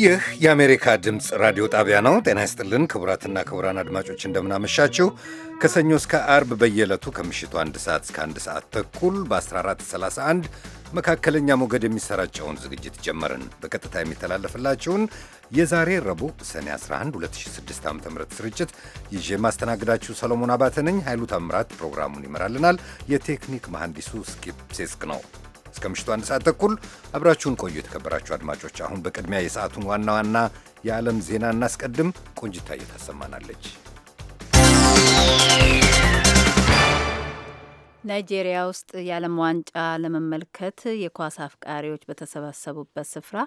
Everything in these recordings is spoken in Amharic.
ይህ የአሜሪካ ድምፅ ራዲዮ ጣቢያ ነው። ጤና ይስጥልን ክቡራትና ክቡራን አድማጮች እንደምናመሻችሁ። ከሰኞ እስከ አርብ በየዕለቱ ከምሽቱ አንድ ሰዓት እስከ አንድ ሰዓት ተኩል በ1431 መካከለኛ ሞገድ የሚሰራጨውን ዝግጅት ጀመርን። በቀጥታ የሚተላለፍላችሁን የዛሬ ረቡዕ ሰኔ 11 2006 ዓ ም ስርጭት ይዤ የማስተናግዳችሁ ሰሎሞን አባተ ነኝ። ኃይሉ ታምራት ፕሮግራሙን ይመራልናል። የቴክኒክ መሐንዲሱ ስኪፕ ሴስክ ነው። እስከ ምሽቱ አንድ ሰዓት ተኩል አብራችሁን ቆዩ። የተከበራችሁ አድማጮች፣ አሁን በቅድሚያ የሰዓቱን ዋና ዋና የዓለም ዜና እናስቀድም። ቆንጅታ እየታሰማናለች። ናይጄሪያ ውስጥ የዓለም ዋንጫ ለመመልከት የኳስ አፍቃሪዎች በተሰባሰቡበት ስፍራ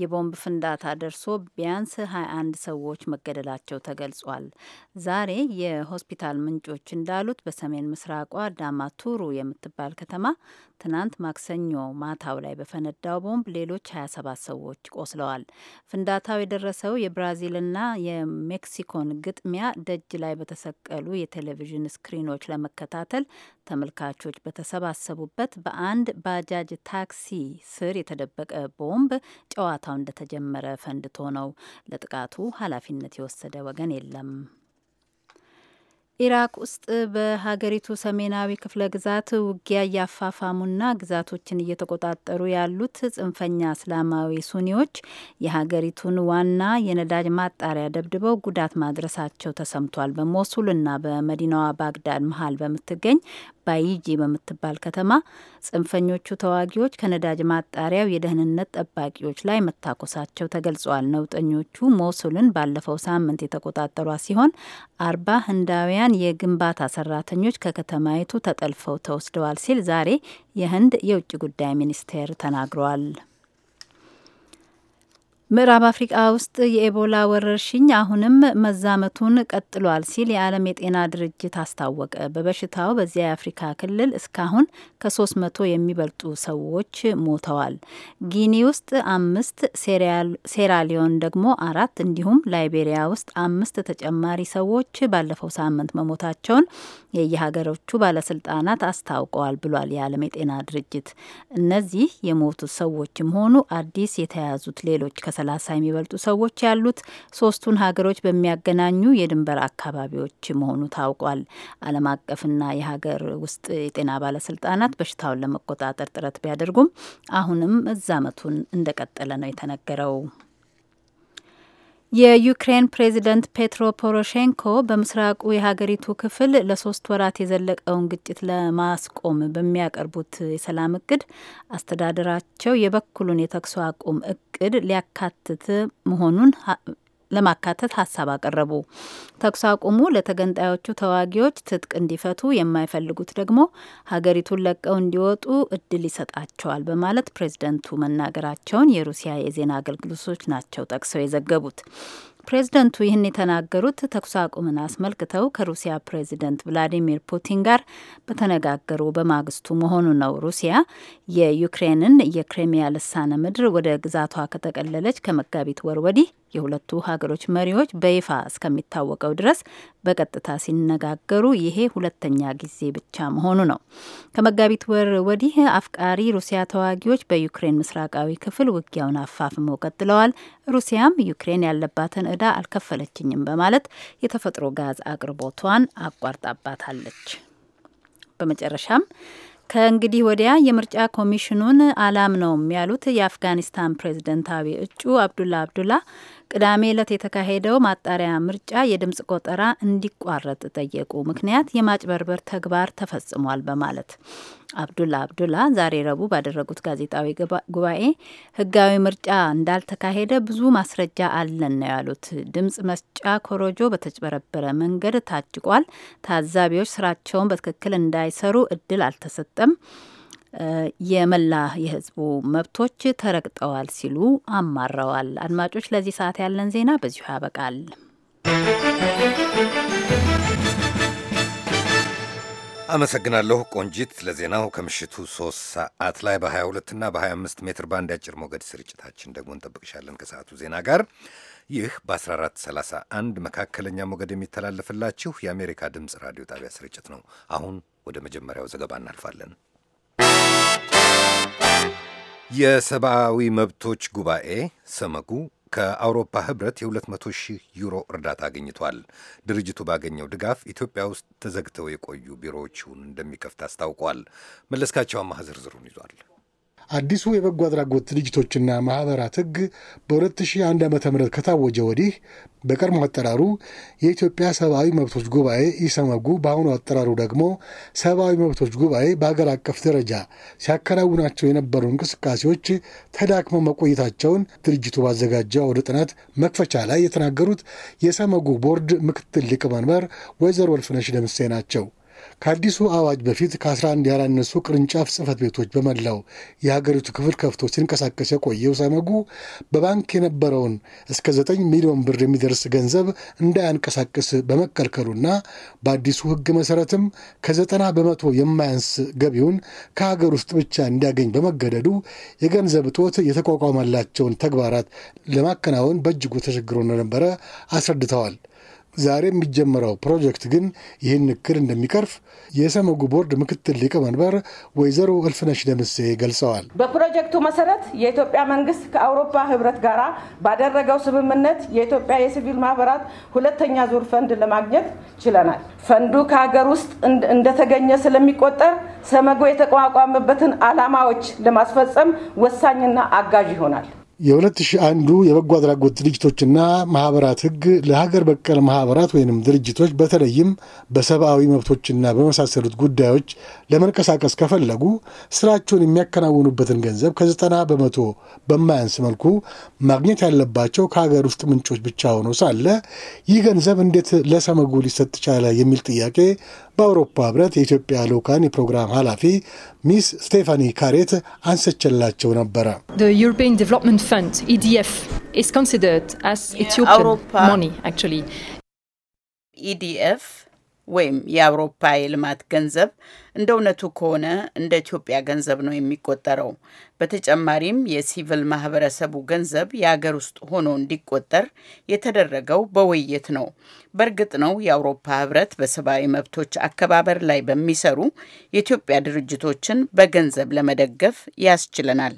የቦምብ ፍንዳታ ደርሶ ቢያንስ 21 ሰዎች መገደላቸው ተገልጿል። ዛሬ የሆስፒታል ምንጮች እንዳሉት በሰሜን ምስራቋ ዳማቱሩ የምትባል ከተማ ትናንት ማክሰኞ ማታው ላይ በፈነዳው ቦምብ ሌሎች 27 ሰዎች ቆስለዋል። ፍንዳታው የደረሰው የብራዚልና የሜክሲኮን ግጥሚያ ደጅ ላይ በተሰቀሉ የቴሌቪዥን ስክሪኖች ለመከታተል ተመ ተመልካቾች በተሰባሰቡበት በአንድ ባጃጅ ታክሲ ስር የተደበቀ ቦምብ ጨዋታው እንደተጀመረ ፈንድቶ ነው። ለጥቃቱ ኃላፊነት የወሰደ ወገን የለም። ኢራቅ ውስጥ በሀገሪቱ ሰሜናዊ ክፍለ ግዛት ውጊያ እያፋፋሙና ግዛቶችን እየተቆጣጠሩ ያሉት ጽንፈኛ እስላማዊ ሱኒዎች የሀገሪቱን ዋና የነዳጅ ማጣሪያ ደብድበው ጉዳት ማድረሳቸው ተሰምቷል። በሞሱልና በመዲናዋ ባግዳድ መሀል በምትገኝ ባይጂ በምትባል ከተማ ጽንፈኞቹ ተዋጊዎች ከነዳጅ ማጣሪያው የደህንነት ጠባቂዎች ላይ መታኮሳቸው ተገልጿል። ነውጠኞቹ ሞሱልን ባለፈው ሳምንት የተቆጣጠሯ ሲሆን አርባ ህንዳውያን የግንባታ ሰራተኞች ከከተማይቱ ተጠልፈው ተወስደዋል ሲል ዛሬ የህንድ የውጭ ጉዳይ ሚኒስቴር ተናግሯል። ምዕራብ አፍሪቃ ውስጥ የኤቦላ ወረርሽኝ አሁንም መዛመቱን ቀጥሏል ሲል የዓለም የጤና ድርጅት አስታወቀ። በበሽታው በዚያ የአፍሪካ ክልል እስካሁን ከ300 የሚበልጡ ሰዎች ሞተዋል። ጊኒ ውስጥ አምስት፣ ሴራሊዮን ደግሞ አራት እንዲሁም ላይቤሪያ ውስጥ አምስት ተጨማሪ ሰዎች ባለፈው ሳምንት መሞታቸውን የየሀገሮቹ ባለስልጣናት አስታውቀዋል ብሏል የዓለም የጤና ድርጅት። እነዚህ የሞቱት ሰዎችም ሆኑ አዲስ የተያዙት ሌሎች ከ30 የሚበልጡ ሰዎች ያሉት ሶስቱን ሀገሮች በሚያገናኙ የድንበር አካባቢዎች መሆኑ ታውቋል። ዓለም አቀፍና የሀገር ውስጥ የጤና ባለስልጣናት መንግስታት በሽታውን ለመቆጣጠር ጥረት ቢያደርጉም አሁንም መዛመቱን እንደቀጠለ ነው የተነገረው። የዩክሬን ፕሬዚደንት ፔትሮ ፖሮሼንኮ በምስራቁ የሀገሪቱ ክፍል ለሶስት ወራት የዘለቀውን ግጭት ለማስቆም በሚያቀርቡት የሰላም እቅድ አስተዳደራቸው የበኩሉን የተኩስ አቁም እቅድ ሊያካትት መሆኑን ለማካተት ሀሳብ አቀረቡ። ተኩስ አቁሙ ለተገንጣዮቹ ተዋጊዎች ትጥቅ እንዲፈቱ የማይፈልጉት ደግሞ ሀገሪቱን ለቀው እንዲወጡ እድል ይሰጣቸዋል በማለት ፕሬዝደንቱ መናገራቸውን የሩሲያ የዜና አገልግሎቶች ናቸው ጠቅሰው የዘገቡት። ፕሬዝደንቱ ይህን የተናገሩት ተኩስ አቁምን አስመልክተው ከሩሲያ ፕሬዝደንት ቭላዲሚር ፑቲን ጋር በተነጋገሩ በማግስቱ መሆኑ ነው። ሩሲያ የዩክሬንን የክሬሚያ ልሳነ ምድር ወደ ግዛቷ ከጠቀለለች ከመጋቢት ወር ወዲህ የሁለቱ ሀገሮች መሪዎች በይፋ እስከሚታወቀው ድረስ በቀጥታ ሲነጋገሩ ይሄ ሁለተኛ ጊዜ ብቻ መሆኑ ነው። ከመጋቢት ወር ወዲህ አፍቃሪ ሩሲያ ተዋጊዎች በዩክሬን ምስራቃዊ ክፍል ውጊያውን አፋፍመው ቀጥለዋል። ሩሲያም ዩክሬን ያለባትን እዳ አልከፈለችኝም በማለት የተፈጥሮ ጋዝ አቅርቦቷን አቋርጣባታለች። በመጨረሻም ከእንግዲህ ወዲያ የምርጫ ኮሚሽኑን አላም ነውም ያሉት የአፍጋኒስታን ፕሬዝደንታዊ እጩ አብዱላ አብዱላ ቅዳሜ ዕለት የተካሄደው ማጣሪያ ምርጫ የድምፅ ቆጠራ እንዲቋረጥ ጠየቁ። ምክንያት የማጭበርበር ተግባር ተፈጽሟል በማለት አብዱላ አብዱላ ዛሬ ረቡዕ ባደረጉት ጋዜጣዊ ጉባኤ ህጋዊ ምርጫ እንዳልተካሄደ ብዙ ማስረጃ አለን ነው ያሉት። ድምፅ መስጫ ኮሮጆ በተጭበረበረ መንገድ ታጭቋል። ታዛቢዎች ስራቸውን በትክክል እንዳይሰሩ እድል አልተሰጠም። የመላ የህዝቡ መብቶች ተረግጠዋል ሲሉ አማረዋል። አድማጮች፣ ለዚህ ሰዓት ያለን ዜና በዚሁ ያበቃል። አመሰግናለሁ ቆንጂት ለዜናው። ከምሽቱ 3 ሰዓት ላይ በ22 እና በ25 ሜትር ባንድ ያጭር ሞገድ ስርጭታችን ደግሞ እንጠብቅሻለን ከሰዓቱ ዜና ጋር። ይህ በ1431 መካከለኛ ሞገድ የሚተላለፍላችሁ የአሜሪካ ድምፅ ራዲዮ ጣቢያ ስርጭት ነው። አሁን ወደ መጀመሪያው ዘገባ እናልፋለን። የሰብአዊ መብቶች ጉባኤ ሰመጉ ከአውሮፓ ህብረት የ200 ሺህ ዩሮ እርዳታ አግኝቷል። ድርጅቱ ባገኘው ድጋፍ ኢትዮጵያ ውስጥ ተዘግተው የቆዩ ቢሮዎቹን እንደሚከፍት አስታውቋል። መለስካቸው አማህ ዝርዝሩን ይዟል። አዲሱ የበጎ አድራጎት ድርጅቶችና ማኅበራት ሕግ በ2001 ዓ ም ከታወጀ ወዲህ በቀድሞ አጠራሩ የኢትዮጵያ ሰብአዊ መብቶች ጉባኤ ኢሰመጉ፣ በአሁኑ አጠራሩ ደግሞ ሰብአዊ መብቶች ጉባኤ በአገር አቀፍ ደረጃ ሲያከናውናቸው የነበሩ እንቅስቃሴዎች ተዳክመው መቆየታቸውን ድርጅቱ ባዘጋጀው አውደ ጥናት መክፈቻ ላይ የተናገሩት የሰመጉ ቦርድ ምክትል ሊቀመንበር ወይዘሮ ወልፍነሽ ደምሴ ናቸው። ከአዲሱ አዋጅ በፊት ከ11 ያላነሱ ቅርንጫፍ ጽህፈት ቤቶች በመላው የሀገሪቱ ክፍል ከፍቶ ሲንቀሳቀስ የቆየው ሰመጉ በባንክ የነበረውን እስከ 9 ሚሊዮን ብር የሚደርስ ገንዘብ እንዳያንቀሳቅስ በመከልከሉና በአዲሱ ሕግ መሠረትም ከዘጠና በመቶ የማያንስ ገቢውን ከሀገር ውስጥ ብቻ እንዲያገኝ በመገደዱ የገንዘብ እጦት የተቋቋመላቸውን ተግባራት ለማከናወን በእጅጉ ተቸግሮ እንደነበረ አስረድተዋል። ዛሬ የሚጀመረው ፕሮጀክት ግን ይህን እክል እንደሚቀርፍ የሰመጉ ቦርድ ምክትል ሊቀመንበር ወይዘሮ እልፍነሽ ደምሴ ገልጸዋል። በፕሮጀክቱ መሰረት የኢትዮጵያ መንግስት ከአውሮፓ ህብረት ጋር ባደረገው ስምምነት የኢትዮጵያ የሲቪል ማህበራት ሁለተኛ ዙር ፈንድ ለማግኘት ችለናል። ፈንዱ ከሀገር ውስጥ እንደተገኘ ስለሚቆጠር ሰመጉ የተቋቋመበትን ዓላማዎች ለማስፈጸም ወሳኝና አጋዥ ይሆናል። የ2001 የበጎ አድራጎት ድርጅቶችና ማህበራት ህግ ለሀገር በቀል ማህበራት ወይንም ድርጅቶች በተለይም በሰብአዊ መብቶችና በመሳሰሉት ጉዳዮች ለመንቀሳቀስ ከፈለጉ ስራቸውን የሚያከናውኑበትን ገንዘብ ከዘጠና በመቶ በማያንስ መልኩ ማግኘት ያለባቸው ከሀገር ውስጥ ምንጮች ብቻ ሆኖ ሳለ ይህ ገንዘብ እንዴት ለሰመጉ ሊሰጥ ቻለ የሚል ጥያቄ በአውሮፓ ህብረት የኢትዮጵያ ልዑካን የፕሮግራም ኃላፊ ሚስ ስቴፋኒ ካሬት አንስቼላቸው ነበረ። ኢዲኤፍ e e ወይም የአውሮፓ የልማት ገንዘብ እንደ እውነቱ ከሆነ እንደ ኢትዮጵያ ገንዘብ ነው የሚቆጠረው። በተጨማሪም የሲቪል ማህበረሰቡ ገንዘብ የሀገር ውስጥ ሆኖ እንዲቆጠር የተደረገው በውይይት ነው። በእርግጥ ነው የአውሮፓ ህብረት በሰብአዊ መብቶች አከባበር ላይ በሚሰሩ የኢትዮጵያ ድርጅቶችን በገንዘብ ለመደገፍ ያስችለናል።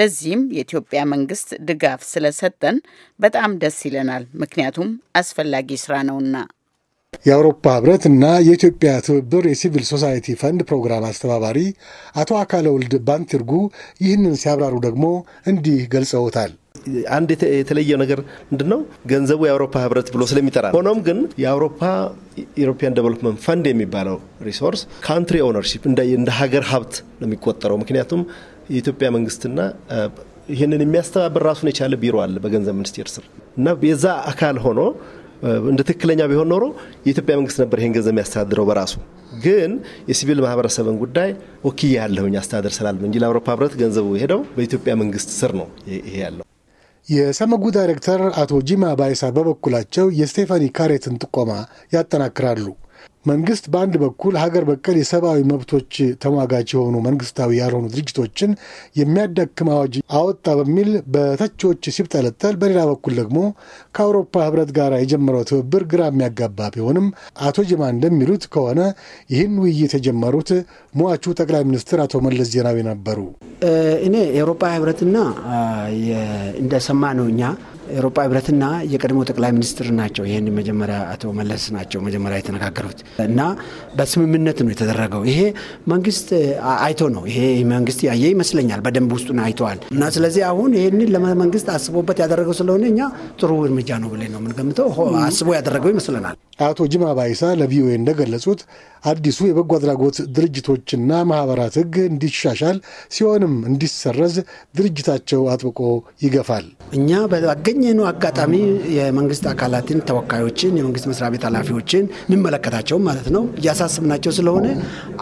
ለዚህም የኢትዮጵያ መንግስት ድጋፍ ስለሰጠን በጣም ደስ ይለናል። ምክንያቱም አስፈላጊ ስራ ነውና። የአውሮፓ ህብረት እና የኢትዮጵያ ትብብር የሲቪል ሶሳይቲ ፈንድ ፕሮግራም አስተባባሪ አቶ አካለ ወልድ ባንቲርጉ ይህንን ሲያብራሩ ደግሞ እንዲህ ገልጸውታል። አንድ የተለየው ነገር ምንድን ነው? ገንዘቡ የአውሮፓ ህብረት ብሎ ስለሚጠራ ሆኖም ግን የአውሮፓ ኢሮፒያን ዴቨሎፕመንት ፈንድ የሚባለው ሪሶርስ ካንትሪ ኦነርሺፕ እንደ ሀገር ሀብት ነው የሚቆጠረው። ምክንያቱም የኢትዮጵያ መንግስትና ይህንን የሚያስተባብር ራሱን የቻለ ቢሮ አለ በገንዘብ ሚኒስቴር ስር እና የዛ አካል ሆኖ እንደ ትክክለኛ ቢሆን ኖሮ የኢትዮጵያ መንግስት ነበር ይህን ገንዘብ የሚያስተዳድረው በራሱ ግን የሲቪል ማህበረሰብን ጉዳይ ወኪያ ያለሁኝ አስተዳደር ስላለ እንጂ ለአውሮፓ ህብረት ገንዘቡ ሄደው በኢትዮጵያ መንግስት ስር ነው ይሄ ያለው። የሰመጉ ዳይሬክተር አቶ ጂማ ባይሳ በበኩላቸው የስቴፋኒ ካሬትን ጥቆማ ያጠናክራሉ። መንግስት በአንድ በኩል ሀገር በቀል የሰብአዊ መብቶች ተሟጋች የሆኑ መንግስታዊ ያልሆኑ ድርጅቶችን የሚያዳክም አዋጅ አወጣ በሚል በተቺዎች ሲብጠለጠል፣ በሌላ በኩል ደግሞ ከአውሮፓ ህብረት ጋር የጀመረው ትብብር ግራ የሚያጋባ ቢሆንም አቶ ጅማ እንደሚሉት ከሆነ ይህን ውይይት የጀመሩት ሟቹ ጠቅላይ ሚኒስትር አቶ መለስ ዜናዊ ነበሩ። እኔ የአውሮፓ ህብረትና እንደሰማ ነው እኛ የአውሮፓ ህብረትና የቀድሞ ጠቅላይ ሚኒስትር ናቸው። ይህን መጀመሪያ አቶ መለስ ናቸው መጀመሪያ የተነጋገሩት እና በስምምነት ነው የተደረገው። ይሄ መንግስት አይቶ ነው ይሄ መንግስት ያየ ይመስለኛል። በደንብ ውስጡን አይተዋል። እና ስለዚህ አሁን ይህንን ለመንግስት አስቦበት ያደረገው ስለሆነ እኛ ጥሩ እርምጃ ነው ብለን ነው የምንገምተው። አስቦ ያደረገው ይመስለናል። አቶ ጅማ ባይሳ ለቪኦኤ እንደገለጹት አዲሱ የበጎ አድራጎት ድርጅቶችና ማህበራት ህግ እንዲሻሻል ሲሆንም እንዲሰረዝ ድርጅታቸው አጥብቆ ይገፋል። እኛ ባገኘነው አጋጣሚ የመንግስት አካላትን ተወካዮችን፣ የመንግስት መስሪያ ቤት ኃላፊዎችን የሚመለከታቸውም ማለት ነው እያሳስብናቸው ስለሆነ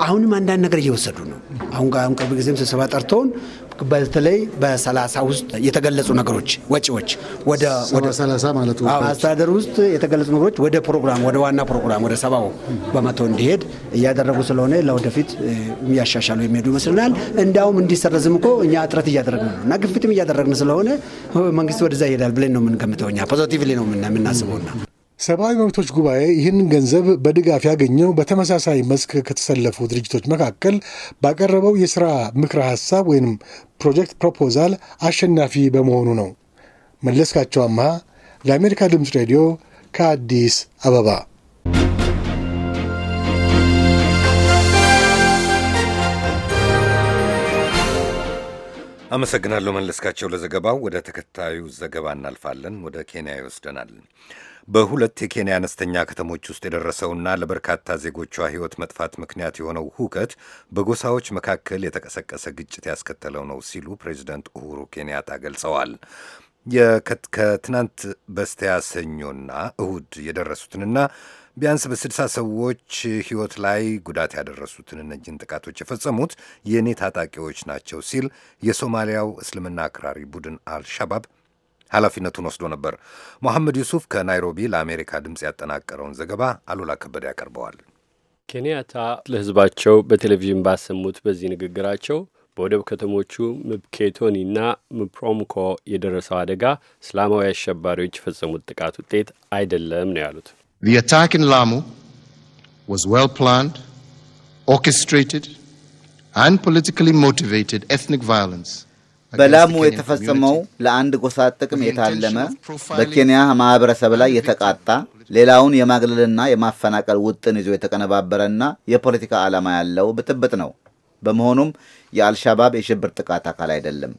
አሁንም አንዳንድ ነገር እየወሰዱ ነው። አሁን ቅርብ ጊዜም ስብሰባ ጠርቶን በተለይ በሰላሳ ውስጥ የተገለጹ ነገሮች ወጪዎች ወደ አስተዳደር ውስጥ የተገለጹ ነገሮች ወደ ፕሮግራም ወደ ዋና ፕሮግራም ወደ ሰባው በመቶ እንዲሄድ እያደረጉ ስለሆነ ለወደፊት እያሻሻሉ የሚሄዱ ይመስልናል። እንዲያውም እንዲሰረዝም እኮ እኛ እጥረት እያደረግን ነው እና ግፊትም እያደረግን ስለሆነ መንግስት ወደዛ ይሄዳል ብለን ነው የምንገምተው። እኛ ፖዘቲቭሊ ነው የምናስበውና ሰብአዊ መብቶች ጉባኤ ይህንን ገንዘብ በድጋፍ ያገኘው በተመሳሳይ መስክ ከተሰለፉ ድርጅቶች መካከል ባቀረበው የሥራ ምክረ ሐሳብ ወይም ፕሮጀክት ፕሮፖዛል አሸናፊ በመሆኑ ነው። መለስካቸው አምሃ ለአሜሪካ ድምፅ ሬዲዮ ከአዲስ አበባ አመሰግናለሁ መለስካቸው ለዘገባው። ወደ ተከታዩ ዘገባ እናልፋለን። ወደ ኬንያ ይወስደናል። በሁለት የኬንያ አነስተኛ ከተሞች ውስጥ የደረሰውና ለበርካታ ዜጎቿ ሕይወት መጥፋት ምክንያት የሆነው ሁከት በጎሳዎች መካከል የተቀሰቀሰ ግጭት ያስከተለው ነው ሲሉ ፕሬዚደንት ኡሁሩ ኬንያታ ገልጸዋል። ከትናንት በስቲያ ሰኞና እሁድ የደረሱትንና ቢያንስ በስድሳ ሰዎች ሕይወት ላይ ጉዳት ያደረሱትን እነጅን ጥቃቶች የፈጸሙት የእኔ ታጣቂዎች ናቸው ሲል የሶማሊያው እስልምና አክራሪ ቡድን አልሻባብ ኃላፊነቱን ወስዶ ነበር። ሞሐመድ ዩሱፍ ከናይሮቢ ለአሜሪካ ድምፅ ያጠናቀረውን ዘገባ አሉላ ከበደ ያቀርበዋል። ኬንያታ ለሕዝባቸው በቴሌቪዥን ባሰሙት በዚህ ንግግራቸው በወደብ ከተሞቹ ምብኬቶኒና ምፕሮምኮ የደረሰው አደጋ እስላማዊ አሸባሪዎች የፈጸሙት ጥቃት ውጤት አይደለም ነው ያሉት። The attack in Lamu was well planned, orchestrated and politically motivated ethnic violence. በላሙ የተፈጸመው ለአንድ ጎሳ ጥቅም የታለመ በኬንያ ማህበረሰብ ላይ የተቃጣ ሌላውን የማግለልና የማፈናቀል ውጥን ይዞ የተቀነባበረና የፖለቲካ ዓላማ ያለው ብጥብጥ ነው። በመሆኑም የአልሻባብ የሽብር ጥቃት አካል አይደለም።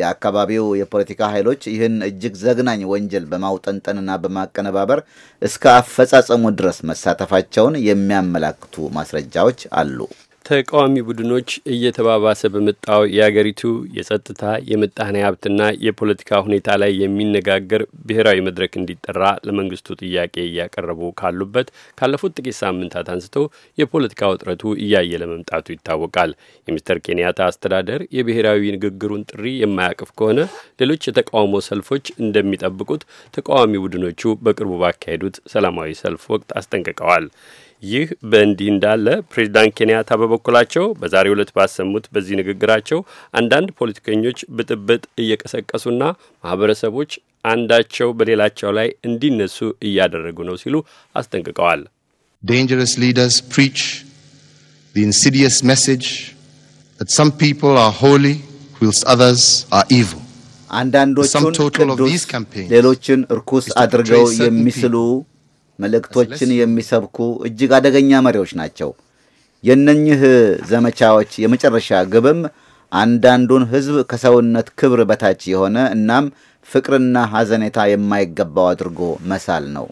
የአካባቢው የፖለቲካ ኃይሎች ይህን እጅግ ዘግናኝ ወንጀል በማውጠንጠንና በማቀነባበር እስከ አፈጻጸሙ ድረስ መሳተፋቸውን የሚያመላክቱ ማስረጃዎች አሉ። ተቃዋሚ ቡድኖች እየተባባሰ በመጣው የአገሪቱ የጸጥታ የምጣኔ ሀብትና የፖለቲካ ሁኔታ ላይ የሚነጋገር ብሔራዊ መድረክ እንዲጠራ ለመንግስቱ ጥያቄ እያቀረቡ ካሉበት ካለፉት ጥቂት ሳምንታት አንስቶ የፖለቲካ ውጥረቱ እያየለ መምጣቱ ይታወቃል። የሚስተር ኬንያታ አስተዳደር የብሔራዊ ንግግሩን ጥሪ የማያቅፍ ከሆነ ሌሎች የተቃውሞ ሰልፎች እንደሚጠብቁት ተቃዋሚ ቡድኖቹ በቅርቡ ባካሄዱት ሰላማዊ ሰልፍ ወቅት አስጠንቅቀዋል። ይህ በእንዲህ እንዳለ ፕሬዚዳንት ኬንያታ በበኩላቸው በዛሬው ዕለት ባሰሙት በዚህ ንግግራቸው አንዳንድ ፖለቲከኞች ብጥብጥ እየቀሰቀሱና ማህበረሰቦች አንዳቸው በሌላቸው ላይ እንዲነሱ እያደረጉ ነው ሲሉ አስጠንቅቀዋል። dangerous leaders preach the insidious message that some people are holy whilst others are evil. አንዳንዶቹን ቅዱስ ሌሎችን እርኩስ አድርገው የሚስሉ መልእክቶችን የሚሰብኩ እጅግ አደገኛ መሪዎች ናቸው። የነኝህ ዘመቻዎች የመጨረሻ ግብም አንዳንዱን ሕዝብ ከሰውነት ክብር በታች የሆነ እናም ፍቅርና ሐዘኔታ የማይገባው አድርጎ መሳል ነው።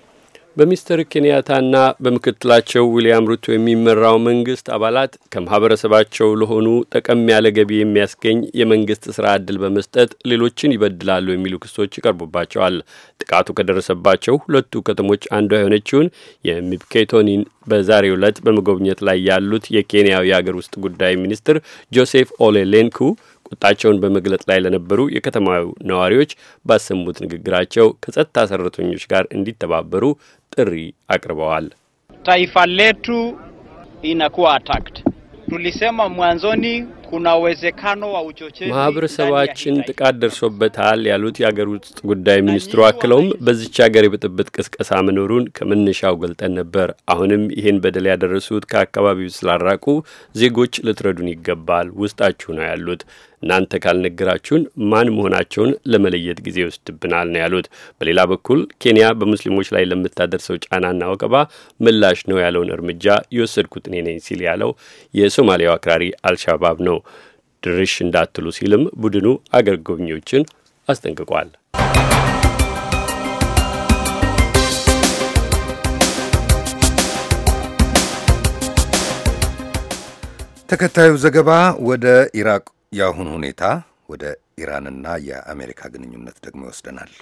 በሚስተር ኬንያታና በምክትላቸው ዊልያም ሩቶ የሚመራው መንግስት አባላት ከማህበረሰባቸው ለሆኑ ጠቀም ያለ ገቢ የሚያስገኝ የመንግስት ስራ ዕድል በመስጠት ሌሎችን ይበድላሉ የሚሉ ክሶች ይቀርቡባቸዋል። ጥቃቱ ከደረሰባቸው ሁለቱ ከተሞች አንዷ የሆነችውን የሚብኬቶኒን በዛሬው ዕለት በመጎብኘት ላይ ያሉት የኬንያው የአገር ውስጥ ጉዳይ ሚኒስትር ጆሴፍ ኦሌ ሌንኩ ቁጣቸውን በመግለጥ ላይ ለነበሩ የከተማው ነዋሪዎች ባሰሙት ንግግራቸው ከጸጥታ ሰራተኞች ጋር እንዲተባበሩ ጥሪ አቅርበዋል። ታይፋሌቱ ሌቱ አታክት Tulisema mwanzoni ማህበረሰባችን ጥቃት ደርሶበታል ያሉት የአገር ውስጥ ጉዳይ ሚኒስትሩ አክለውም በዚች ሀገር የብጥብጥ ቅስቀሳ መኖሩን ከመነሻው ገልጠን ነበር። አሁንም ይህን በደል ያደረሱት ከአካባቢው ስላራቁ ዜጎች ልትረዱን ይገባል፣ ውስጣችሁ ነው ያሉት እናንተ ካልነገራችሁን ማን መሆናቸውን ለመለየት ጊዜ ይወስድብናል ነው ያሉት። በሌላ በኩል ኬንያ በሙስሊሞች ላይ ለምታደርሰው ጫናና ወቀባ ምላሽ ነው ያለውን እርምጃ የወሰድኩት እኔ ነኝ ሲል ያለው የሶማሊያው አክራሪ አልሻባብ ነው። ድርሽ እንዳትሉ ሲልም ቡድኑ አገር ጎብኚዎችን አስጠንቅቋል። ተከታዩ ዘገባ ወደ ኢራቅ የአሁን ሁኔታ ወደ ኢራንና የአሜሪካ ግንኙነት ደግሞ ይወስደናል።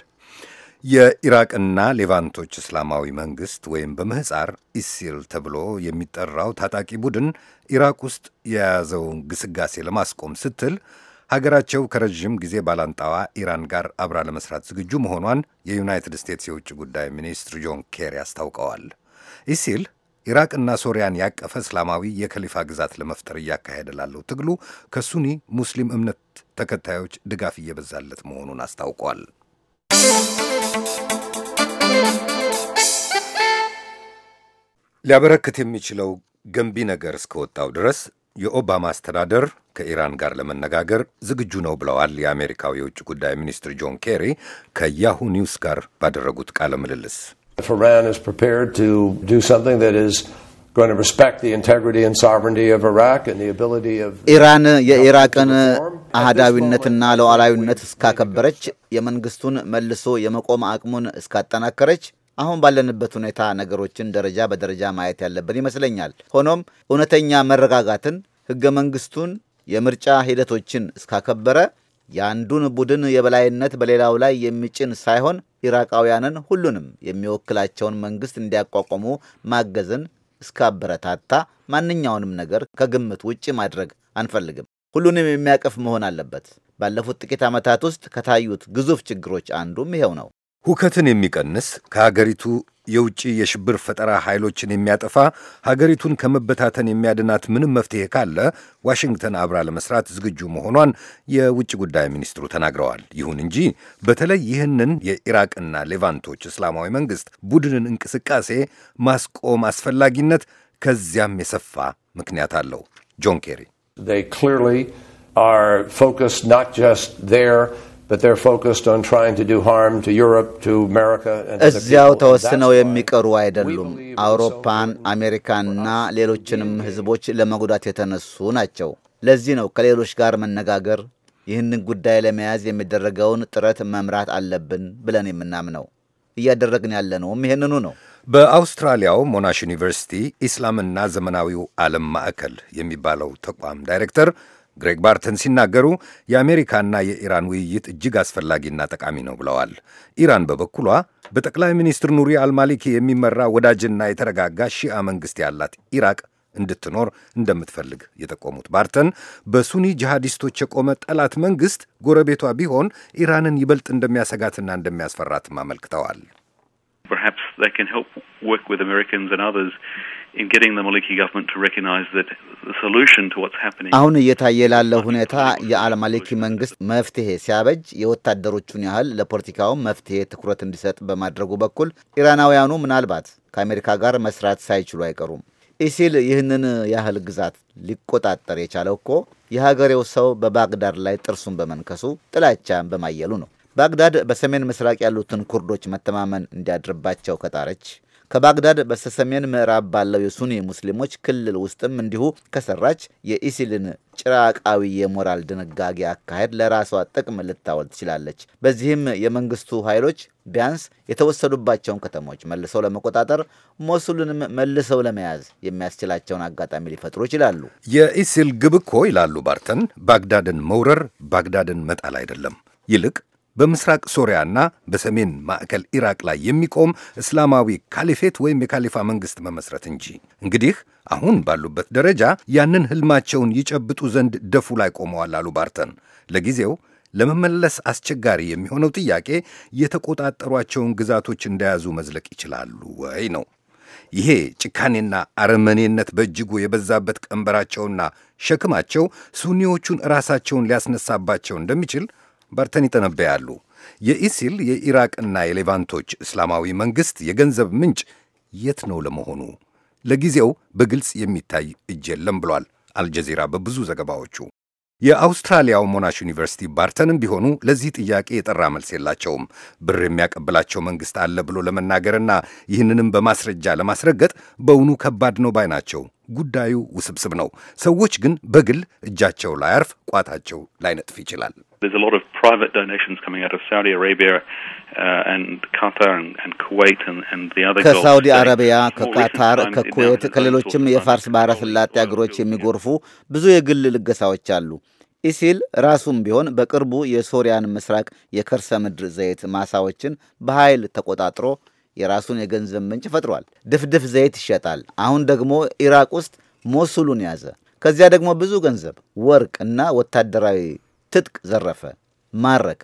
የኢራቅና ሌቫንቶች እስላማዊ መንግስት ወይም በምህፃር ኢሲል ተብሎ የሚጠራው ታጣቂ ቡድን ኢራቅ ውስጥ የያዘውን ግስጋሴ ለማስቆም ስትል ሀገራቸው ከረዥም ጊዜ ባላንጣዋ ኢራን ጋር አብራ ለመስራት ዝግጁ መሆኗን የዩናይትድ ስቴትስ የውጭ ጉዳይ ሚኒስትር ጆን ኬሪ አስታውቀዋል። ኢሲል ኢራቅና ሶሪያን ያቀፈ እስላማዊ የከሊፋ ግዛት ለመፍጠር እያካሄደ ላለው ትግሉ ከሱኒ ሙስሊም እምነት ተከታዮች ድጋፍ እየበዛለት መሆኑን አስታውቋል። ሊያበረክት የሚችለው ገንቢ ነገር እስከወጣው ድረስ የኦባማ አስተዳደር ከኢራን ጋር ለመነጋገር ዝግጁ ነው ብለዋል የአሜሪካው የውጭ ጉዳይ ሚኒስትር ጆን ኬሪ ከያሁ ኒውስ ጋር ባደረጉት ቃለ ምልልስ። If Iran is prepared to do something that is ኢራን የኢራቅን አህዳዊነትና ሉዓላዊነት እስካከበረች የመንግስቱን መልሶ የመቆም አቅሙን እስካጠናከረች አሁን ባለንበት ሁኔታ ነገሮችን ደረጃ በደረጃ ማየት ያለብን ይመስለኛል። ሆኖም እውነተኛ መረጋጋትን፣ ሕገ መንግስቱን፣ የምርጫ ሂደቶችን እስካከበረ የአንዱን ቡድን የበላይነት በሌላው ላይ የሚጭን ሳይሆን ኢራቃውያንን ሁሉንም የሚወክላቸውን መንግሥት እንዲያቋቋሙ ማገዝን እስካበረታታ ማንኛውንም ነገር ከግምት ውጭ ማድረግ አንፈልግም። ሁሉንም የሚያቅፍ መሆን አለበት። ባለፉት ጥቂት ዓመታት ውስጥ ከታዩት ግዙፍ ችግሮች አንዱም ይኸው ነው። ሁከትን የሚቀንስ ከሀገሪቱ የውጭ የሽብር ፈጠራ ኃይሎችን የሚያጠፋ ሀገሪቱን ከመበታተን የሚያድናት ምንም መፍትሄ ካለ ዋሽንግተን አብራ ለመስራት ዝግጁ መሆኗን የውጭ ጉዳይ ሚኒስትሩ ተናግረዋል። ይሁን እንጂ በተለይ ይህንን የኢራቅና ሌቫንቶች እስላማዊ መንግሥት ቡድንን እንቅስቃሴ ማስቆም አስፈላጊነት ከዚያም የሰፋ ምክንያት አለው። ጆን ኬሪ እዚያው ተወስነው የሚቀሩ አይደሉም። አውሮፓን፣ አሜሪካንና ሌሎችንም ህዝቦች ለመጉዳት የተነሱ ናቸው። ለዚህ ነው ከሌሎች ጋር መነጋገር፣ ይህንን ጉዳይ ለመያዝ የሚደረገውን ጥረት መምራት አለብን ብለን የምናምነው። እያደረግን ያለነውም ይህንኑ ነው። በአውስትራሊያው ሞናሽ ዩኒቨርሲቲ ኢስላምና ዘመናዊው ዓለም ማዕከል የሚባለው ተቋም ዳይሬክተር ግሬግ ባርተን ሲናገሩ የአሜሪካና የኢራን ውይይት እጅግ አስፈላጊና ጠቃሚ ነው ብለዋል። ኢራን በበኩሏ በጠቅላይ ሚኒስትር ኑሪ አልማሊኪ የሚመራ ወዳጅና የተረጋጋ ሺአ መንግሥት ያላት ኢራቅ እንድትኖር እንደምትፈልግ የጠቆሙት ባርተን በሱኒ ጂሃዲስቶች የቆመ ጠላት መንግሥት ጎረቤቷ ቢሆን ኢራንን ይበልጥ እንደሚያሰጋትና እንደሚያስፈራትም አመልክተዋል። perhaps they can help work with Americans and others in getting the Maliki government to recognize that the solution to what's happening አሁን እየታየ ላለ ሁኔታ የአልማሊኪ መንግስት መፍትሄ ሲያበጅ የወታደሮቹን ያህል ለፖለቲካውም መፍትሄ ትኩረት እንዲሰጥ በማድረጉ በኩል ኢራናውያኑ ምናልባት ከአሜሪካ ጋር መስራት ሳይችሉ አይቀሩም። ኢሲል ይህንን ያህል ግዛት ሊቆጣጠር የቻለው እኮ የሀገሬው ሰው በባግዳድ ላይ ጥርሱን በመንከሱ ጥላቻን በማየሉ ነው። ባግዳድ በሰሜን ምስራቅ ያሉትን ኩርዶች መተማመን እንዲያድርባቸው ከጣረች ከባግዳድ በስተሰሜን ምዕራብ ባለው የሱኒ ሙስሊሞች ክልል ውስጥም እንዲሁ ከሰራች የኢሲልን ጭራቃዊ የሞራል ድንጋጌ አካሄድ ለራሷ ጥቅም ልታወል ትችላለች። በዚህም የመንግስቱ ኃይሎች ቢያንስ የተወሰዱባቸውን ከተሞች መልሰው ለመቆጣጠር ሞሱልንም መልሰው ለመያዝ የሚያስችላቸውን አጋጣሚ ሊፈጥሩ ይችላሉ። የኢሲል ግብ እኮ ይላሉ ባርተን፣ ባግዳድን መውረር፣ ባግዳድን መጣል አይደለም። ይልቅ በምስራቅ ሶሪያና በሰሜን ማዕከል ኢራቅ ላይ የሚቆም እስላማዊ ካሊፌት ወይም የካሊፋ መንግሥት መመስረት እንጂ። እንግዲህ አሁን ባሉበት ደረጃ ያንን ህልማቸውን ይጨብጡ ዘንድ ደፉ ላይ ቆመዋል አሉ ባርተን። ለጊዜው ለመመለስ አስቸጋሪ የሚሆነው ጥያቄ የተቆጣጠሯቸውን ግዛቶች እንደያዙ መዝለቅ ይችላሉ ወይ ነው። ይሄ ጭካኔና አረመኔነት በእጅጉ የበዛበት ቀንበራቸውና ሸክማቸው ሱኒዎቹን ራሳቸውን ሊያስነሳባቸው እንደሚችል ባርተን ይጠነበያሉ። የኢሲል የኢራቅና የሌቫንቶች እስላማዊ መንግሥት የገንዘብ ምንጭ የት ነው ለመሆኑ? ለጊዜው በግልጽ የሚታይ እጅ የለም ብሏል አልጀዚራ በብዙ ዘገባዎቹ። የአውስትራሊያው ሞናሽ ዩኒቨርሲቲ ባርተንም ቢሆኑ ለዚህ ጥያቄ የጠራ መልስ የላቸውም። ብር የሚያቀብላቸው መንግሥት አለ ብሎ ለመናገርና ይህንንም በማስረጃ ለማስረገጥ በውኑ ከባድ ነው ባይ ናቸው። ጉዳዩ ውስብስብ ነው። ሰዎች ግን በግል እጃቸው ላያርፍ፣ ቋታቸው ላይነጥፍ ይችላል። uh, ከሳውዲ አረቢያ ከቃታር፣ ከኩዌት፣ ከሌሎችም የፋርስ ባህረ ስላጤ አገሮች የሚጎርፉ ብዙ የግል ልገሳዎች አሉ። ኢሲል ራሱም ቢሆን በቅርቡ የሶሪያን ምስራቅ የከርሰ ምድር ዘይት ማሳዎችን በኃይል ተቆጣጥሮ የራሱን የገንዘብ ምንጭ ፈጥሯል። ድፍድፍ ዘይት ይሸጣል። አሁን ደግሞ ኢራቅ ውስጥ ሞሱሉን ያዘ። ከዚያ ደግሞ ብዙ ገንዘብ፣ ወርቅ እና ወታደራዊ ትጥቅ ዘረፈ፣ ማረከ።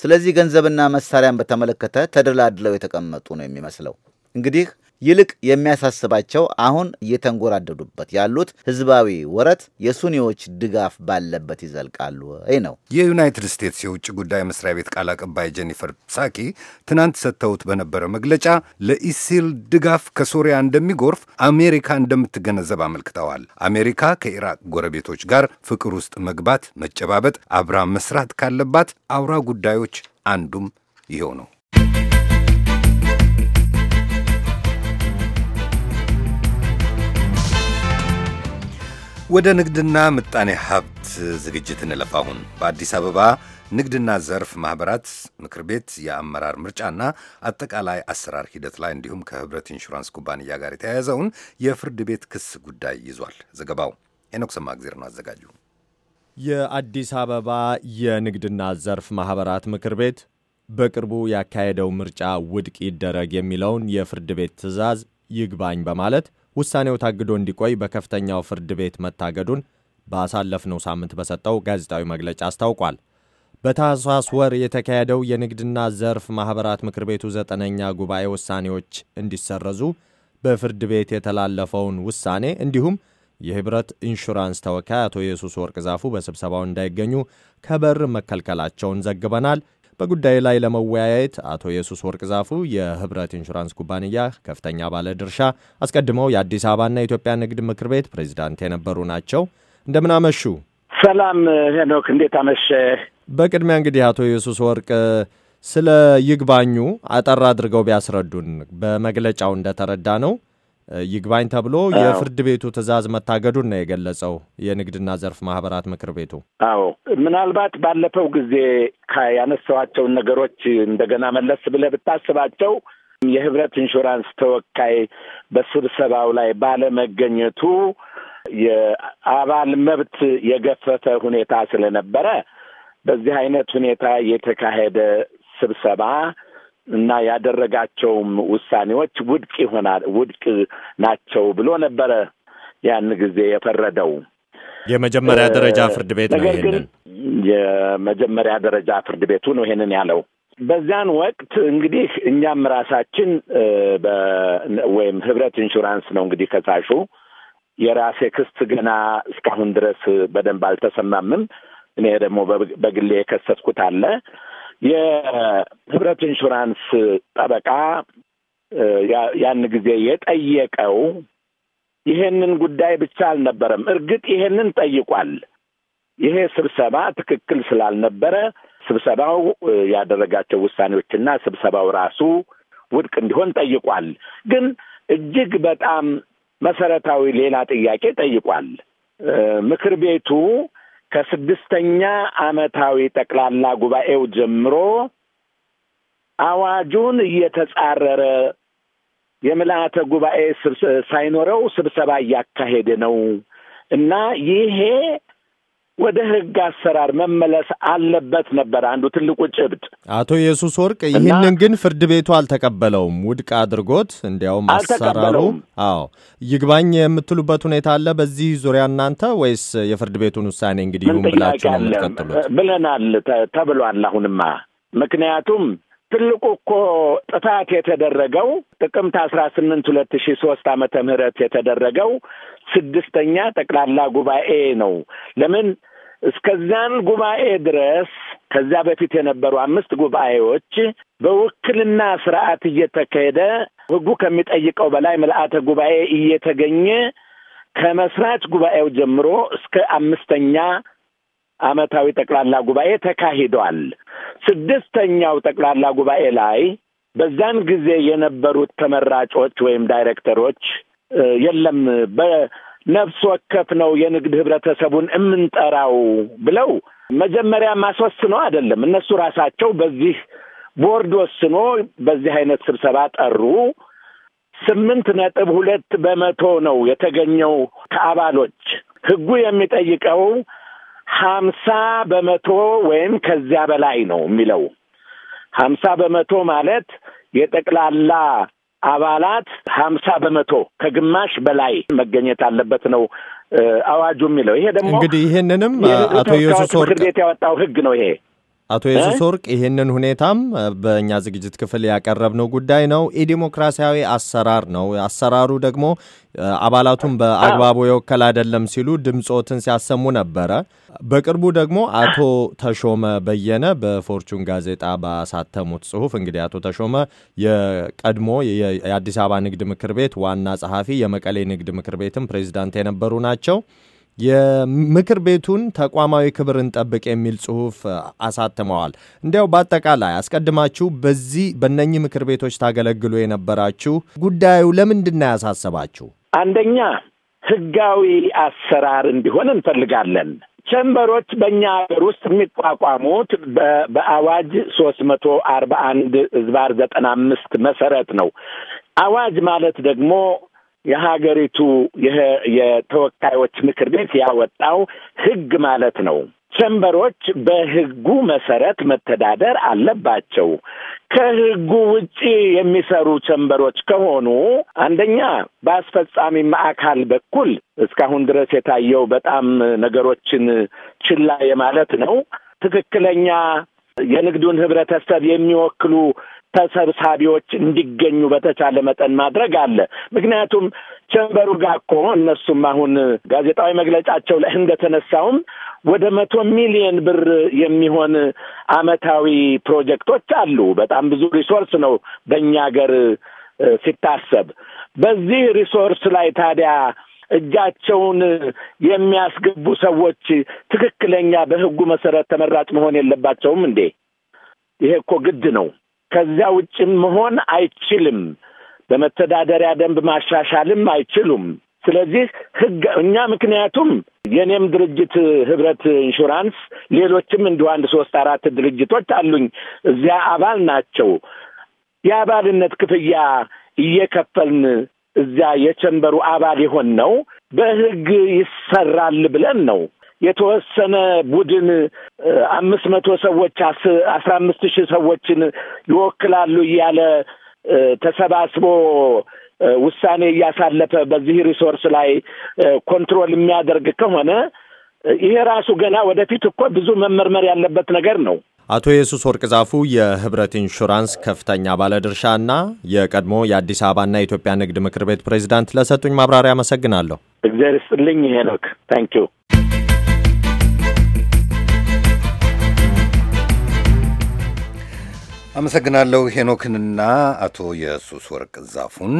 ስለዚህ ገንዘብና መሳሪያን በተመለከተ ተደላድለው የተቀመጡ ነው የሚመስለው እንግዲህ ይልቅ የሚያሳስባቸው አሁን እየተንጎራደዱበት ያሉት ህዝባዊ ወረት የሱኒዎች ድጋፍ ባለበት ይዘልቃሉ ወይ ነው። የዩናይትድ ስቴትስ የውጭ ጉዳይ መስሪያ ቤት ቃል አቀባይ ጄኒፈር ሳኪ ትናንት ሰጥተውት በነበረ መግለጫ ለኢሲል ድጋፍ ከሶሪያ እንደሚጎርፍ አሜሪካ እንደምትገነዘብ አመልክተዋል። አሜሪካ ከኢራቅ ጎረቤቶች ጋር ፍቅር ውስጥ መግባት፣ መጨባበጥ፣ አብራ መስራት ካለባት አውራ ጉዳዮች አንዱም ይኸው ነው። ወደ ንግድና ምጣኔ ሀብት ዝግጅት እንለፍ። አሁን በአዲስ አበባ ንግድና ዘርፍ ማህበራት ምክር ቤት የአመራር ምርጫና አጠቃላይ አሰራር ሂደት ላይ እንዲሁም ከህብረት ኢንሹራንስ ኩባንያ ጋር የተያያዘውን የፍርድ ቤት ክስ ጉዳይ ይዟል። ዘገባው ሄኖክ ሰማእግዜር ነው አዘጋጁ። የአዲስ አበባ የንግድና ዘርፍ ማህበራት ምክር ቤት በቅርቡ ያካሄደው ምርጫ ውድቅ ይደረግ የሚለውን የፍርድ ቤት ትዕዛዝ ይግባኝ በማለት ውሳኔው ታግዶ እንዲቆይ በከፍተኛው ፍርድ ቤት መታገዱን ባሳለፍነው ሳምንት በሰጠው ጋዜጣዊ መግለጫ አስታውቋል። በታህሳስ ወር የተካሄደው የንግድና ዘርፍ ማኅበራት ምክር ቤቱ ዘጠነኛ ጉባኤ ውሳኔዎች እንዲሰረዙ በፍርድ ቤት የተላለፈውን ውሳኔ እንዲሁም የህብረት ኢንሹራንስ ተወካይ አቶ ኢየሱስ ወርቅ ዛፉ በስብሰባው እንዳይገኙ ከበር መከልከላቸውን ዘግበናል። በጉዳዩ ላይ ለመወያየት አቶ ኢየሱስ ወርቅ ዛፉ የህብረት ኢንሹራንስ ኩባንያ ከፍተኛ ባለ ድርሻ አስቀድመው የአዲስ አበባና የኢትዮጵያ ንግድ ምክር ቤት ፕሬዚዳንት የነበሩ ናቸው። እንደምን አመሹ? ሰላም ሄኖክ፣ እንዴት አመሸ? በቅድሚያ እንግዲህ አቶ ኢየሱስ ወርቅ ስለ ይግባኙ አጠር አድርገው ቢያስረዱን። በመግለጫው እንደተረዳ ነው ይግባኝ ተብሎ የፍርድ ቤቱ ትዕዛዝ መታገዱን ነው የገለጸው የንግድና ዘርፍ ማህበራት ምክር ቤቱ። አዎ ምናልባት ባለፈው ጊዜ ያነሳኋቸውን ነገሮች እንደገና መለስ ብለህ ብታስባቸው የህብረት ኢንሹራንስ ተወካይ በስብሰባው ላይ ባለመገኘቱ የአባል መብት የገፈፈ ሁኔታ ስለነበረ በዚህ አይነት ሁኔታ የተካሄደ ስብሰባ እና ያደረጋቸውም ውሳኔዎች ውድቅ ይሆናል ውድቅ ናቸው ብሎ ነበረ ያን ጊዜ የፈረደው የመጀመሪያ ደረጃ ፍርድ ቤት ነው። ይሄንን የመጀመሪያ ደረጃ ፍርድ ቤቱ ነው ይሄንን ያለው። በዚያን ወቅት እንግዲህ እኛም ራሳችን ወይም ህብረት ኢንሹራንስ ነው እንግዲህ ከሳሹ የራሴ ክስት ገና እስካሁን ድረስ በደንብ አልተሰማምም። እኔ ደግሞ በግሌ የከሰስኩት አለ የህብረት ኢንሹራንስ ጠበቃ ያን ጊዜ የጠየቀው ይሄንን ጉዳይ ብቻ አልነበረም። እርግጥ ይሄንን ጠይቋል። ይሄ ስብሰባ ትክክል ስላልነበረ ስብሰባው ያደረጋቸው ውሳኔዎችና ስብሰባው ራሱ ውድቅ እንዲሆን ጠይቋል። ግን እጅግ በጣም መሰረታዊ ሌላ ጥያቄ ጠይቋል። ምክር ቤቱ ከስድስተኛ ዓመታዊ ጠቅላላ ጉባኤው ጀምሮ አዋጁን እየተጻረረ የምልአተ ጉባኤ ሳይኖረው ስብሰባ እያካሄደ ነው እና ይሄ ወደ ህግ አሰራር መመለስ አለበት ነበር አንዱ ትልቁ ጭብጥ። አቶ ኢየሱስ ወርቅ ይህንን ግን ፍርድ ቤቱ አልተቀበለውም፣ ውድቅ አድርጎት እንዲያውም አሰራሩ አዎ ይግባኝ የምትሉበት ሁኔታ አለ በዚህ ዙሪያ እናንተ ወይስ የፍርድ ቤቱን ውሳኔ እንግዲህ ይሁን ብላችሁ ነው የምትቀጥሉት? ብለናል ተብሏል። አሁንማ ምክንያቱም ትልቁ እኮ ጥፋት የተደረገው ጥቅምት አስራ ስምንት ሁለት ሺ ሶስት አመተ ምህረት የተደረገው ስድስተኛ ጠቅላላ ጉባኤ ነው። ለምን እስከዚያን ጉባኤ ድረስ ከዚያ በፊት የነበሩ አምስት ጉባኤዎች በውክልና ስርዓት እየተካሄደ ህጉ ከሚጠይቀው በላይ ምልአተ ጉባኤ እየተገኘ ከመስራች ጉባኤው ጀምሮ እስከ አምስተኛ ዓመታዊ ጠቅላላ ጉባኤ ተካሂዷል። ስድስተኛው ጠቅላላ ጉባኤ ላይ በዛን ጊዜ የነበሩት ተመራጮች ወይም ዳይሬክተሮች የለም በነፍስ ወከፍ ነው የንግድ ህብረተሰቡን የምንጠራው ብለው መጀመሪያ ነው አይደለም። እነሱ ራሳቸው በዚህ ቦርድ ወስኖ በዚህ አይነት ስብሰባ ጠሩ። ስምንት ነጥብ ሁለት በመቶ ነው የተገኘው ከአባሎች። ህጉ የሚጠይቀው ሀምሳ በመቶ ወይም ከዚያ በላይ ነው የሚለው። ሀምሳ በመቶ ማለት የጠቅላላ አባላት ሀምሳ በመቶ ከግማሽ በላይ መገኘት አለበት ነው አዋጁ የሚለው። ይሄ ደግሞ እንግዲህ ይህንንም አቶ ኢየሱስ ምክር ቤት ያወጣው ህግ ነው። ይሄ አቶ የሱስ ወርቅ ይህንን ሁኔታም በእኛ ዝግጅት ክፍል ያቀረብነው ጉዳይ ነው። የዲሞክራሲያዊ አሰራር ነው። አሰራሩ ደግሞ አባላቱን በአግባቡ የወከል አይደለም ሲሉ ድምፆትን ሲያሰሙ ነበረ። በቅርቡ ደግሞ አቶ ተሾመ በየነ በፎርቹን ጋዜጣ ባሳተሙት ጽሁፍ እንግዲህ አቶ ተሾመ የቀድሞ የአዲስ አበባ ንግድ ምክር ቤት ዋና ጸሐፊ፣ የመቀሌ ንግድ ምክር ቤትም ፕሬዚዳንት የነበሩ ናቸው። የምክር ቤቱን ተቋማዊ ክብር እንጠብቅ የሚል ጽሁፍ አሳትመዋል። እንዲያው በአጠቃላይ አስቀድማችሁ በዚህ በነኚህ ምክር ቤቶች ታገለግሉ የነበራችሁ ጉዳዩ ለምንድን ነው ያሳሰባችሁ? አንደኛ ህጋዊ አሰራር እንዲሆን እንፈልጋለን። ቸምበሮች በእኛ ሀገር ውስጥ የሚቋቋሙት በአዋጅ ሶስት መቶ አርባ አንድ ህዝባር ዘጠና አምስት መሰረት ነው። አዋጅ ማለት ደግሞ የሀገሪቱ የተወካዮች ምክር ቤት ያወጣው ህግ ማለት ነው። ቸምበሮች በህጉ መሰረት መተዳደር አለባቸው። ከህጉ ውጪ የሚሰሩ ቸምበሮች ከሆኑ አንደኛ በአስፈጻሚ አካል በኩል እስካሁን ድረስ የታየው በጣም ነገሮችን ችላ የማለት ነው። ትክክለኛ የንግዱን ህብረተሰብ የሚወክሉ ተሰብሳቢዎች እንዲገኙ በተቻለ መጠን ማድረግ አለ። ምክንያቱም ቸምበሩ ጋር እኮ እነሱም አሁን ጋዜጣዊ መግለጫቸው ላይ እንደተነሳውም ወደ መቶ ሚሊየን ብር የሚሆን አመታዊ ፕሮጀክቶች አሉ። በጣም ብዙ ሪሶርስ ነው በእኛ ሀገር ሲታሰብ። በዚህ ሪሶርስ ላይ ታዲያ እጃቸውን የሚያስገቡ ሰዎች ትክክለኛ በህጉ መሰረት ተመራጭ መሆን የለባቸውም እንዴ? ይሄ እኮ ግድ ነው። ከዚያ ውጭም መሆን አይችልም። በመተዳደሪያ ደንብ ማሻሻልም አይችሉም። ስለዚህ ህግ እኛ ምክንያቱም የእኔም ድርጅት ህብረት ኢንሹራንስ ሌሎችም እንዲሁ አንድ ሶስት አራት ድርጅቶች አሉኝ። እዚያ አባል ናቸው። የአባልነት ክፍያ እየከፈልን እዚያ የቸንበሩ አባል የሆን ነው በህግ ይሰራል ብለን ነው። የተወሰነ ቡድን አምስት መቶ ሰዎች አስራ አምስት ሺህ ሰዎችን ይወክላሉ እያለ ተሰባስቦ ውሳኔ እያሳለፈ በዚህ ሪሶርስ ላይ ኮንትሮል የሚያደርግ ከሆነ ይሄ ራሱ ገና ወደፊት እኮ ብዙ መመርመር ያለበት ነገር ነው። አቶ ኢየሱስ ወርቅ ዛፉ የህብረት ኢንሹራንስ ከፍተኛ ባለድርሻ እና የቀድሞ የአዲስ አበባና የኢትዮጵያ ንግድ ምክር ቤት ፕሬዚዳንት ለሰጡኝ ማብራሪያ አመሰግናለሁ። እግዚአብሔር ይስጥልኝ። ሄኖክ ታንኪዩ። አመሰግናለሁ ሄኖክንና አቶ የሱስ ወርቅ ዛፉን።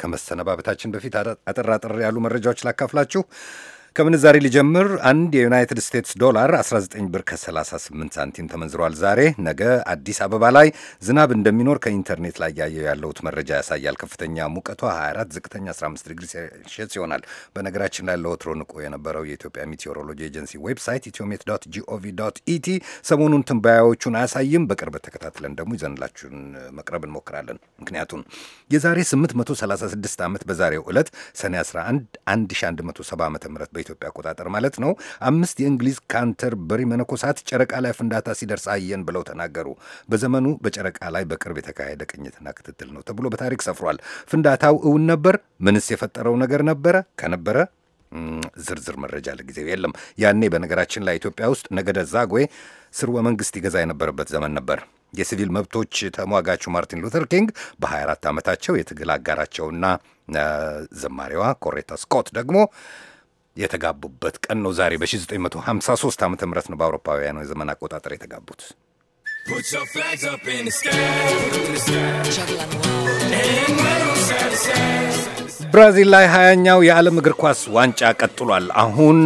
ከመሰነባበታችን በፊት አጠር አጠር ያሉ መረጃዎች ላካፍላችሁ። ከምንዛሬ ሊጀምር አንድ የዩናይትድ ስቴትስ ዶላር 19 ብር ከ38 ሳንቲም ተመንዝሯል። ዛሬ ነገ አዲስ አበባ ላይ ዝናብ እንደሚኖር ከኢንተርኔት ላይ ያየው ያለሁት መረጃ ያሳያል። ከፍተኛ ሙቀቷ 24፣ ዝቅተኛ 15 ዲግሪ ሴልሺየስ ይሆናል። በነገራችን ላይ ለወትሮ ንቆ የነበረው የኢትዮጵያ ሚቴዎሮሎጂ ኤጀንሲ ዌብሳይት ኢትዮሜት ዶት ጂኦቪ ዶት ኢቲ ሰሞኑን ትንባያዎቹን አያሳይም። በቅርበት ተከታትለን ደግሞ ይዘንላችሁን መቅረብ እንሞክራለን። ምክንያቱም የዛሬ 836 ዓመት በዛሬው ዕለት ሰኔ 11 1170 ዓ ም በኢትዮጵያ አቆጣጠር ማለት ነው። አምስት የእንግሊዝ ካንተር በሪ መነኮሳት ጨረቃ ላይ ፍንዳታ ሲደርስ አየን ብለው ተናገሩ። በዘመኑ በጨረቃ ላይ በቅርብ የተካሄደ ቅኝትና ክትትል ነው ተብሎ በታሪክ ሰፍሯል። ፍንዳታው እውን ነበር? ምንስ የፈጠረው ነገር ነበረ? ከነበረ ዝርዝር መረጃ ለጊዜው የለም። ያኔ በነገራችን ላይ ኢትዮጵያ ውስጥ ነገደ ዛግዌ ስርወ መንግስት ይገዛ የነበረበት ዘመን ነበር። የሲቪል መብቶች ተሟጋቹ ማርቲን ሉተር ኪንግ በ24 ዓመታቸው የትግል አጋራቸውና ዘማሪዋ ኮሬታ ስኮት ደግሞ የተጋቡበት ቀን ነው ዛሬ በ1953 ም ነው በአውሮፓውያኑ የዘመን አቆጣጠር የተጋቡት። ብራዚል ላይ ሀያኛው የዓለም እግር ኳስ ዋንጫ ቀጥሏል። አሁን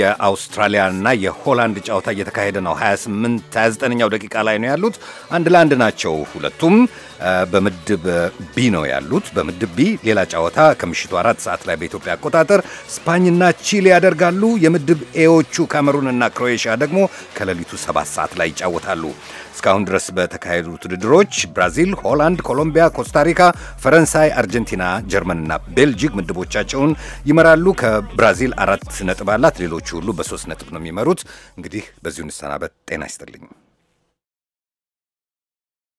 የአውስትራሊያና የሆላንድ ጨዋታ እየተካሄደ ነው። 28 29ኛው ደቂቃ ላይ ነው ያሉት። አንድ ለአንድ ናቸው ሁለቱም በምድብ ቢ ነው ያሉት። በምድብ ቢ ሌላ ጨዋታ ከምሽቱ አራት ሰዓት ላይ በኢትዮጵያ አቆጣጠር ስፓኝና ቺሊ ያደርጋሉ። የምድብ ኤዎቹ ካሜሩንና ክሮኤሽያ ደግሞ ከሌሊቱ ሰባት ሰዓት ላይ ይጫወታሉ። እስካሁን ድረስ በተካሄዱት ውድድሮች ብራዚል፣ ሆላንድ፣ ኮሎምቢያ፣ ኮስታሪካ፣ ፈረንሳይ፣ አርጀንቲና፣ ጀርመንና ቤልጂክ ምድቦቻቸውን ይመራሉ። ከብራዚል አራት ነጥብ አላት። ሌሎቹ ሁሉ በሶስት ነጥብ ነው የሚመሩት። እንግዲህ በዚሁ እንሰናበት። ጤና ይስጥልኝ።